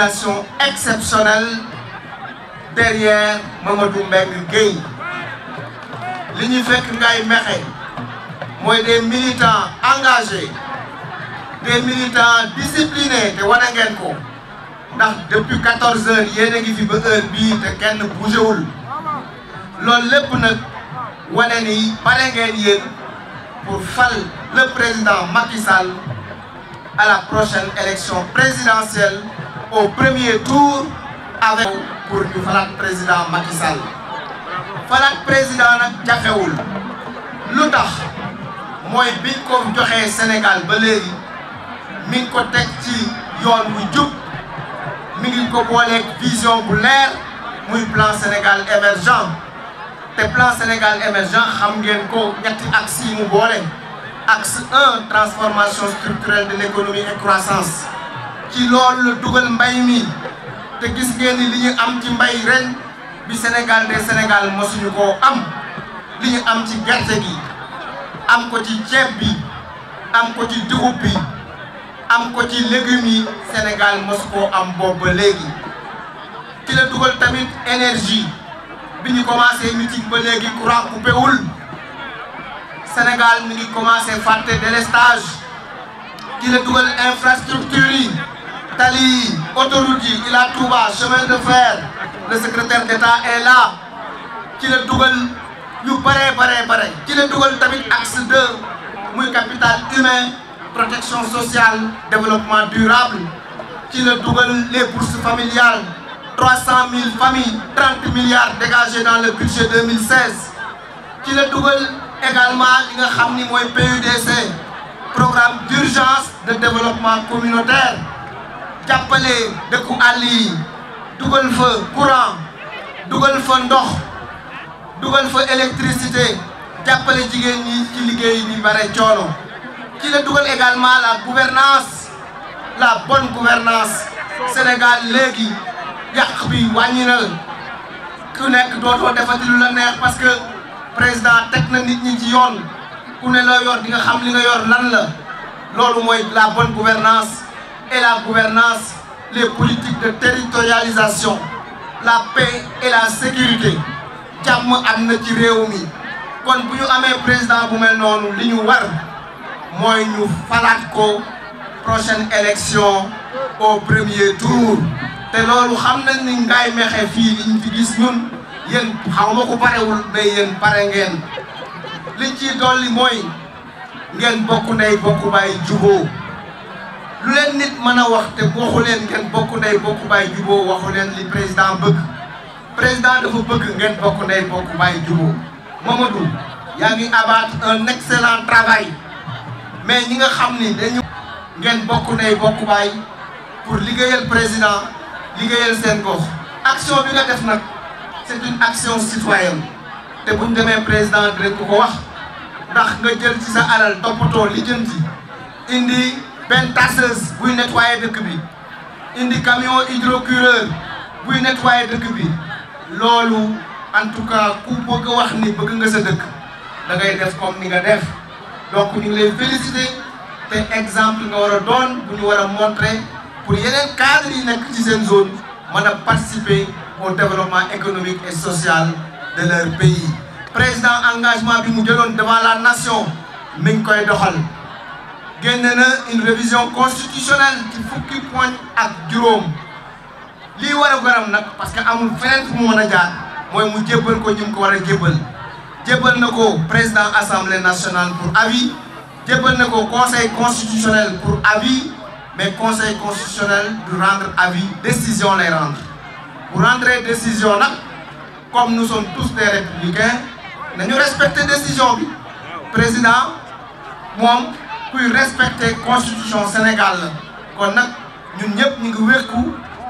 mobilisation exceptionnelle derrière Mamadou Mbengue li ñuy fekk ngay mexe mooy des militants engagés des militants disciplinés te wane ko ndax depuis quatorze heures yéen a ngi fi ba heure bii kenn bougéwul loolu lépp nag wane ni pare ngeen fal le président Macky à la prochaine élection présidentielle au premier tour avec pour ñu falaat président Macky Sall falaat président nag jafewul lu tax mooy biñ ko joxee Sénégal ba léegi mi ngi ko teg ci yoon bu jub mi ngi ko booleeg vision bu leer muy plan Sénégal émergent te plan Sénégal émergent xam ngeen ko ñetti axe yi mu boole axe 1 transformation structurelle de l'économie et croissance ci loolu dugal mbay mi te gis ngeen ni li ñu am ci mbay ren bi senegal de Sénégal mosuñu koo am li ñu am ci gerte gi am ko ci ceeb bi am ko ci dugub bi am ko ci légumes yi Sénégal mosu koo am boobu ba léegi ci la dugal tamit énergie bi ñu commencé meeting ba léegi courant coupé wul Sénégal mi ngi commencé fàtte délestage ci la dugal infrastructure Tali, autoroute, il a Touba, de fer. Le secrétaire d'État est là. Qui le double, nous paraît, paraît, paraît. Qui le double, Tamit Axe 2, Mouy Capital Humain, Protection Sociale, Développement Durable. Qui le double, les bourses familiales. 300 000 familles, 30 milliards dégagés dans le budget 2016. Qui le double également, il y Programme d'urgence de développement communautaire. jàppale dëkku àll yi dugal fa courant dugal fa ndox dugal fa électricité jàppale jigéen ñi ci liggéey bi bare coono ci la dugal également la gouvernance la bonne gouvernance Sénégal léegi yàq bi wàññi ku nekk dootoo defati lu la neex parce que président teg na nit ñi ci yoon ku ne loo yor di nga xam li nga yor lan la loolu mooy la bonne gouvernance et la gouvernance, les politiques de territorialisation, la paix et la sécurité jàmm am na ci réew mi kon bu ñu amee président bu me noonu li ñu war mooy ñu falaat ko prochaine élection au premier tour te loolu xam nañ ni Ngaye Mékhé fii liñ fi gis ñun yéen xawma ma ko parewul mais yéen pare ngeen liñ ciy dolli mooy ngeen bokk ndey bokk baay juboo lu leen nit mën a wax te waxu leen ngeen bokk ndey bokk baay juboo waxu leen li président bëgg président dafa bëgg ngeen bokk ndey bokk baay juboo Mamadou yaa ngi abaat un excellent travail mais ñi nga xam ni dañu ngeen bokk nay bokk baay pour liggéeyal président liggéeyal seen gox action bi nga def nag c'est une action citoyenne te buñ demee président dinañ ko ko wax ndax nga jël ci sa alal toppatoo li jëm indi benn tasseuse buy nettoyer dëkk bi indi camion hydrocureur buy nettoyer dëkk bi loolu en tout cas ku wa a wax ni bëgg nga sa dëkk da ngay def comme ni nga def donc ñu ngi lay féliciter te exemple nga war a doon bu ñu war a montrer pour yeneen cadres yi nekk ci seen zone mën a participer oo développement économique et social de leur pays président engagement bi mu jëloon devant la nation mi koy doxal génne na une révision constitutionnelle ci fukki poñ ak juróom lii war a nag parce que amul feneen fu mu mën a mooy mu jébbal ko ñu mu ko war a jébbal jébbal na ko président assemblée nationale pour avis jébbal na ko conseil constitutionnel pour avis mais conseil constitutionnel du rendre avis décision lay rendre bu rendre décision nag comme nous sommes tous des républicains nañu respecter décision bi président moom kuy respecter constitution Sénégal kon nag ñun ñëpp ñu ngi wékku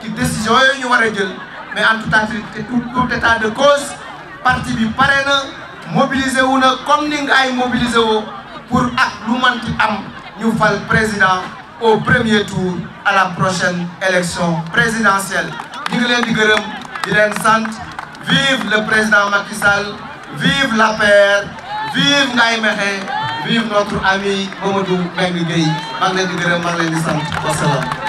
ci décision yooyu ñu war jël mais en tout tout état de cause parti bi pare na mobilisé wu na comme ni nga ay mobilisé woo pour ak lu man ci am ñu fal président au premier tour à la prochaine élection présidentielle ñu ngi leen di gërëm sant vive le président Macky Sall vive l'APR vive Ngaye Mékhé vive notre ami Mamadou Mbengue Gueye maa ngi leen di gërëm maa ngi leen di sant wasalaam